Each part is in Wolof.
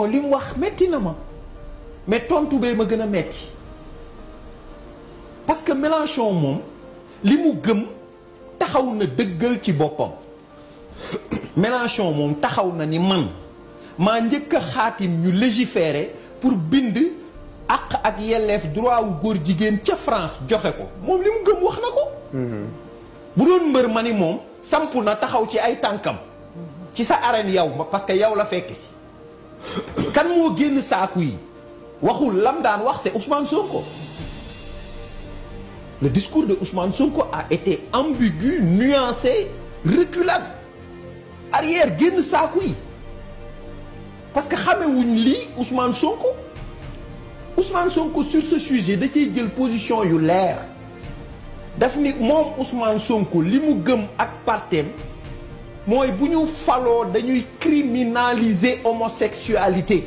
li lim wax metti na ma mais tontu bee ma gëna metti parce que Mélenchon mom limu gëm taxaw na dëggal ci bopam Mélenchon mom taxaw na ni man ma njëkk a ñu légiférer pour bind ak ak yelef droit wu gor jigéen ci France joxé ko mom limu gëm wax nako ko mhm. bu doon mbër mani mom sampu na taxaw ci ay tankam ci sa arène yow parce que yow la fekk si kan moo génn saaku yi waxul lam daan wax c'est Ousmane Sonko le discours de Ousmane Sonko a été ambigu nuancé reculable arrière génn saaku yi parce que xamewuñ lii Ousmane Sonko Ousmane Sonko sur ce sujet da cay jël position yu leer daf ni moom Ousmane Sonko li gëm ak parteem moy buñu falo de dañuy criminaliser homosexualité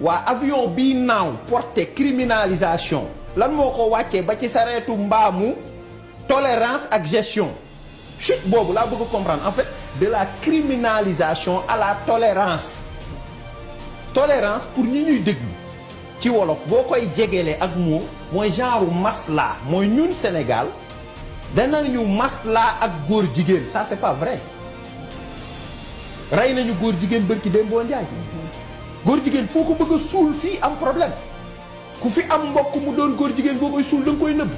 wa avion bii naaw porté criminalisation lan moko ko ba ci saretu mbamu tolérance ak gestion chute bobu la bëgg comprendre en fait de la criminalisation à la tolérance tolérance pour ñi ñuy dégg ci wolof bokoy djégélé ak mo moy genre masla moy ñun Sénégal danañu maslaa ak góor jigéen ça c'est pas vrai ray nañu góor jigen bërki dem boo njaay góor jigéen foo ko bëgg a suul am problème ku fi am mbokk mu doon góor jigen bokoy koy dang koy neub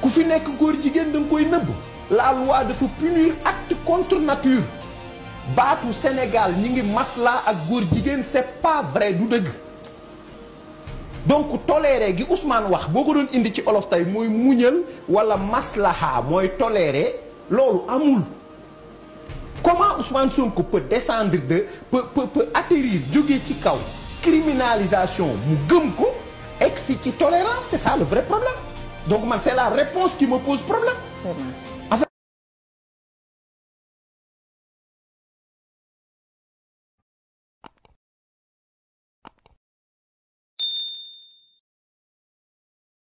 ku fi nek góor jigen dang koy neub la loi dafa punir acte contre nature baatu Sénégal ñi ngi maslaa ak góor jigen c'est pas vrai du deug donc tolérer gi Ousmane wax boko ko indi ci olof tay moy muñal wala maslaha moy toléré lolu amul comment Ousmane Sonko peut descendre de peut peut peut atterrir jóge ci kaw criminalisation mu gëm ko tolérance c'est ça le vrai problème donc man c'est la réponse qui me pose problème.